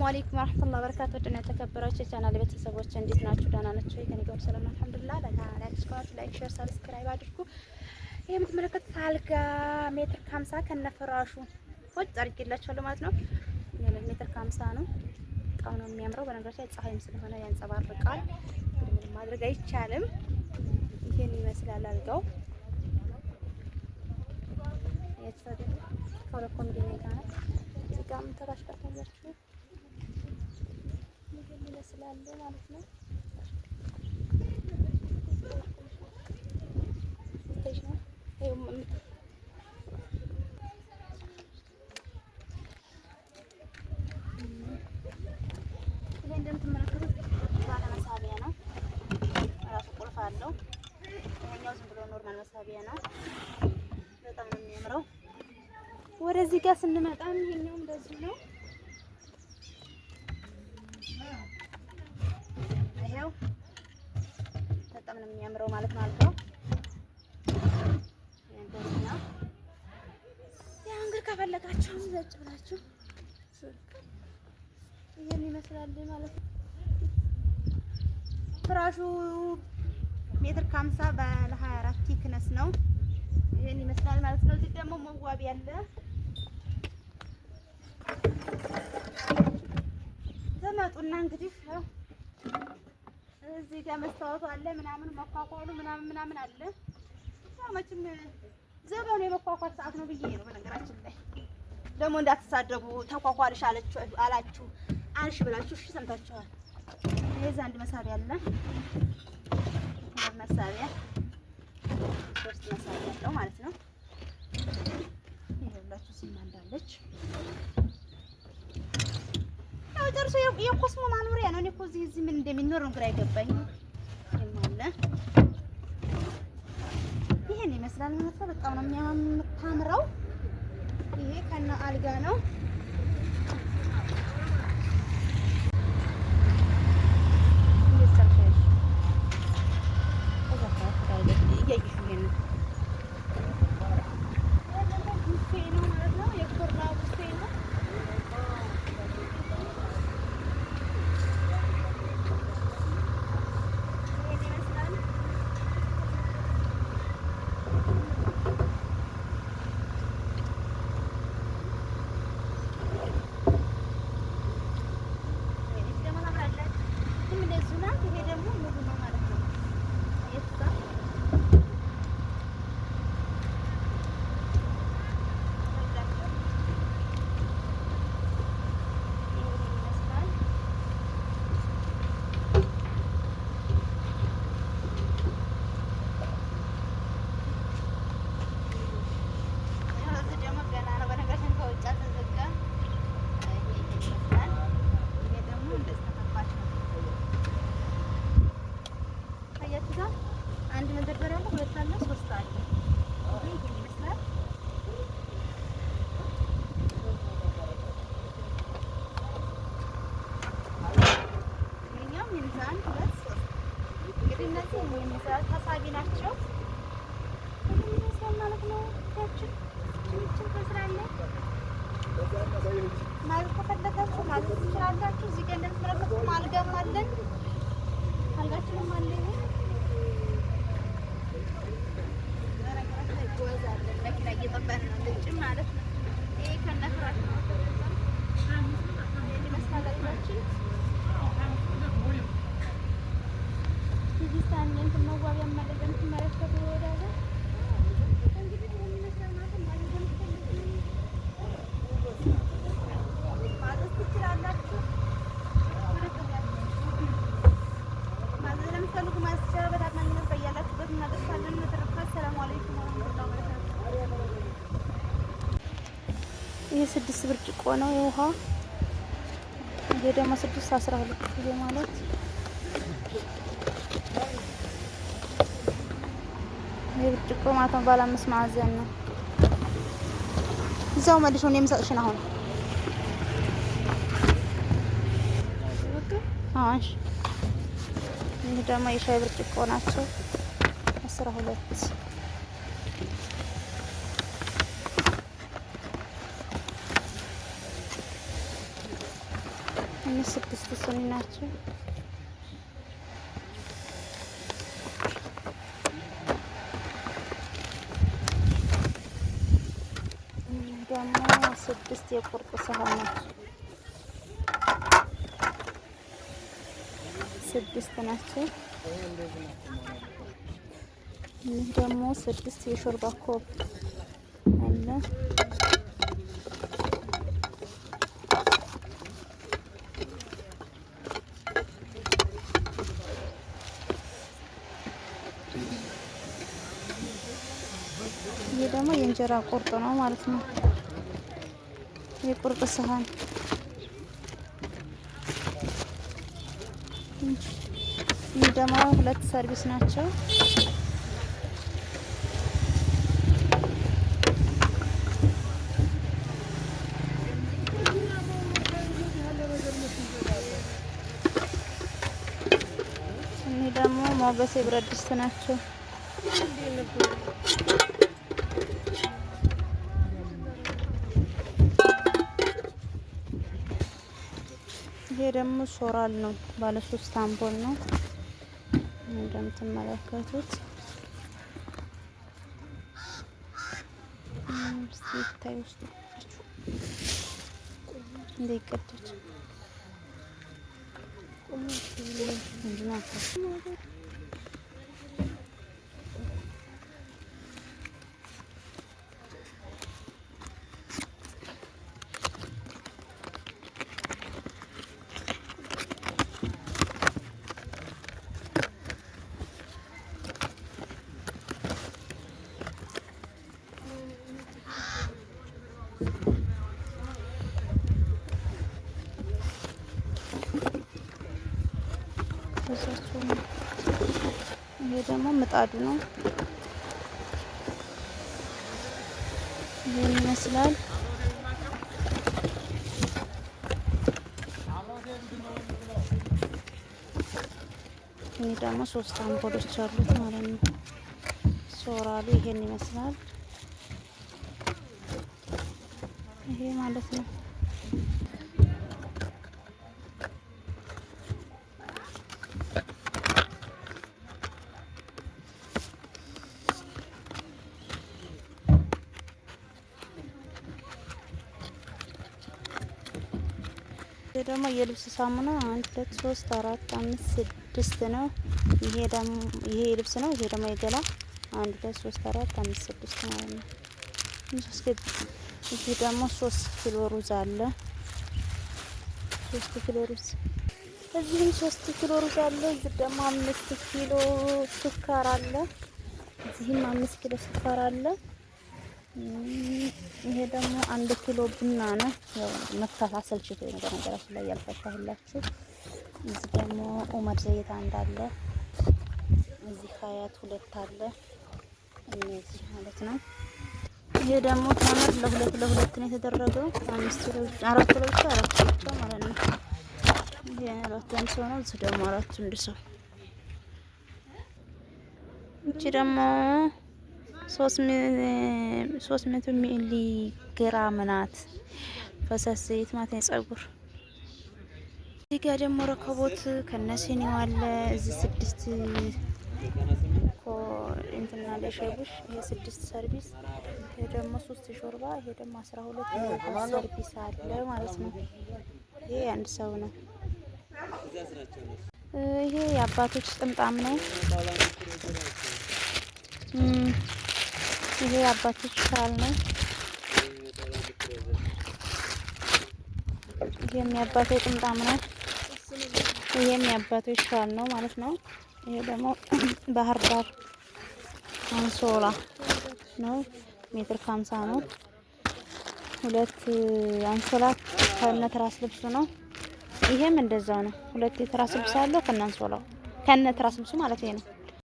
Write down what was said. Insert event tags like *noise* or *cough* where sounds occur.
ሰላሙ አለይኩም ወራህመቱላሂ ወበረካቱ። ድና የተከበራችሁ የቻናል ቤተሰቦች እንዴት ናችሁ? ደህና ናችሁ? ከኔ ጋር ሰላም አልሐምዱሊላህ። ለቻናል አዲስ ከሆናችሁ ላይክ፣ ሼር፣ ሰብስክራይብ አድርጉ። ይሄ የምትመለከቱት አልጋ ሜትር ከሀምሳ ከነፍራሹ ቁጭ አድርጌላችኋለሁ ማለት ነው። ይሄ ሜትር ከሀምሳ ነው። በጣም ነው የሚያምረው። በነገራችን ላይ ፀሐይም ስለሆነ ያንጸባርቃል። ምንም ማድረግ አይቻልም። ይሄን ይመስላል አልጋው የተሰጠ ከሁለት ኮንዲኔታ ነው። እዚህ ጋር ምን ተራሽ ይህን ይመስላል ማለት ነው። ቁልፍ አለው። ዝም ብሎ መሳቢያ ነው። ወደዚህ ጋር ስንመጣም ይሄኛውም እንደዚህ ነው። ነው የሚያምረው ማለት ነው። እንደዚህ ያው እንግዲህ ከፈለጋችሁ ዘጭ ብላችሁ ይሄን ይመስላል ማለት ነው። ፍራሹ ሜትር ከሀምሳ ባለ 24 ቲክነስ ነው። ይሄን ይመስላል ማለት ነው። እዚህ ደግሞ መዋቢ ያለ ዘመጡና እንግዲህ እዚህ ጋር መስታወቱ አለ ምናምን መኳኳሉ ምናምን ምናምን አለ። መቼም ዘመኑ የመኳኳል ሰዓት ነው ብዬ ነው። በነገራችን ላይ ደግሞ እንዳትሳደቡ ተኳኳልሽ አላችሁ አልሽ ብላችሁ እሺ ሰምታችኋል። ይሄ አንድ መሳቢያ አለ። መሳቢያ ሶስት መሳቢያ አለው ማለት ነው። ይሄ ሁላችሁ ስማ እንዳለች ደርሶ የኮስሞ ማኖሪያ ነው። እኔ እኮ እዚህ እዚህ ምን እንደሚኖር ነው ግራ አይገባኝ። ይሄን ይመስላል ማለት ነው። በጣም ነው የሚያምረው። ይሄ ከነ አልጋ ነው። ተሳቢ ናቸው ማለት ነው። ያችን ማለት ከፈለጋችሁ ማለት ትችላላችሁ። እዚህ እንደምትመለከቱት አልጋም አለን። አልጋችንም አለ። ስድስት ብርጭቆ ነው የውሃ። ይሄ ደግሞ ስድስት አስራ ሁለት ጊዜ ማለት የብርጭቆ ማለት ነው። ባለ አምስት ማዕዘን ነው። እዛው መልሽ ነው የምሰጥሽን አሁን አሽ ይህ ደግሞ የሻይ ብርጭቆ ናቸው አስራ ሁለት እነዚህ ስድስት ስኒ ናቸው። ደግሞ ስድስት የቁርጥ ሳህኖች ስድስት ናቸው። እነዚህ ደግሞ ስድስት የሾርባ ኮብ አለ። የእንጀራ ቁርጥ ነው ማለት ነው። የቁርጥ ሰሃን ይህ ደግሞ ሁለት ሰርቪስ ናቸው። እኒህ ደግሞ ሞገስ የብረት ድስት ናቸው። ደግሞ ሶራል ነው። ባለ ሶስት አምፖል ነው እንደምትመለከቱት ስታይ ውስጥ እንደ ይሄ ደግሞ ምጣዱ ነው። ይህን ይመስላል። ይህ ደግሞ ሶስት አምፖሎች አሉት ማለት ነው። ሶራሉ ይሄን ይመስላል። ይሄ ማለት ነው። ደግሞ የልብስ ሳሙና አንድ ሁለት ሶስት አራት አምስት ስድስት ነው። ይሄ ደግሞ ይሄ የልብስ ነው። ይሄ ደግሞ የገላ አንድ ሁለት ሶስት አራት አምስት ስድስት ማለት ነው። ይሄ ደግሞ ሶስት ኪሎ ሩዝ አለ። ሶስት ኪሎ ሩዝ እዚህም ሶስት ኪሎ ሩዝ አለ። እዚህ ደግሞ አምስት ኪሎ ስኳር አለ። እዚህም አምስት ኪሎ ስኳር አለ። ይሄ ደግሞ አንድ ኪሎ ቡና ነው። መፍታት አሰልችቶ ነው በነገራችን ላይ ያልፈታሁላችሁ። እዚህ ደግሞ ኡመድ ዘይት አንድ አለ። እዚህ ሀያት ሁለት አለ። እነዚህ ማለት ነው። ይሄ ደግሞ ተምር ለሁለት ለሁለት ነው የተደረገው። አምስት ኪሎ አራት ኪሎ ብቻ አራት ኪሎ ብቻ ማለት ነው። ይሄ አራት አንድ ሰው ነው። እዚህ ደግሞ አራት እንድሰው ሰው እቺ ደግሞ ሶስት መቶ ሚሊ ግራም ናት ፈሰስ ዘይት ማለት ነው። ጸጉር እዚህ ጋር ደግሞ ረከቦት ከነሲኒ ዋለ እዚህ ስድስት ኮ እንትና ለሸቡሽ ይሄ ስድስት ሰርቪስ፣ ይሄ ደግሞ ሶስት ሾርባ፣ ይሄ ደግሞ አስራ ሁለት ሰርቪስ አለ ማለት ነው። ይሄ አንድ ሰው ነው። ይሄ የአባቶች ጥምጣም ነው። ይሄ አባቶች ሻል ነው። ይሄም የአባቴ ጥምጣም ነው። ይሄም የአባቶች ሻል ነው ማለት ነው። ይሄ ደግሞ *clears throat* ባህር ዳር አንሶላ ነው። ሜትር ከሀምሳ ነው። ሁለት አንሶላ ከነ ትራስ ልብሱ ነው። ይሄም እንደዛው ነው። ሁለት የትራስ ልብስ አለው ከነ አንሶላው ከነ ትራስ ልብሱ ማለት ይሄ ነው።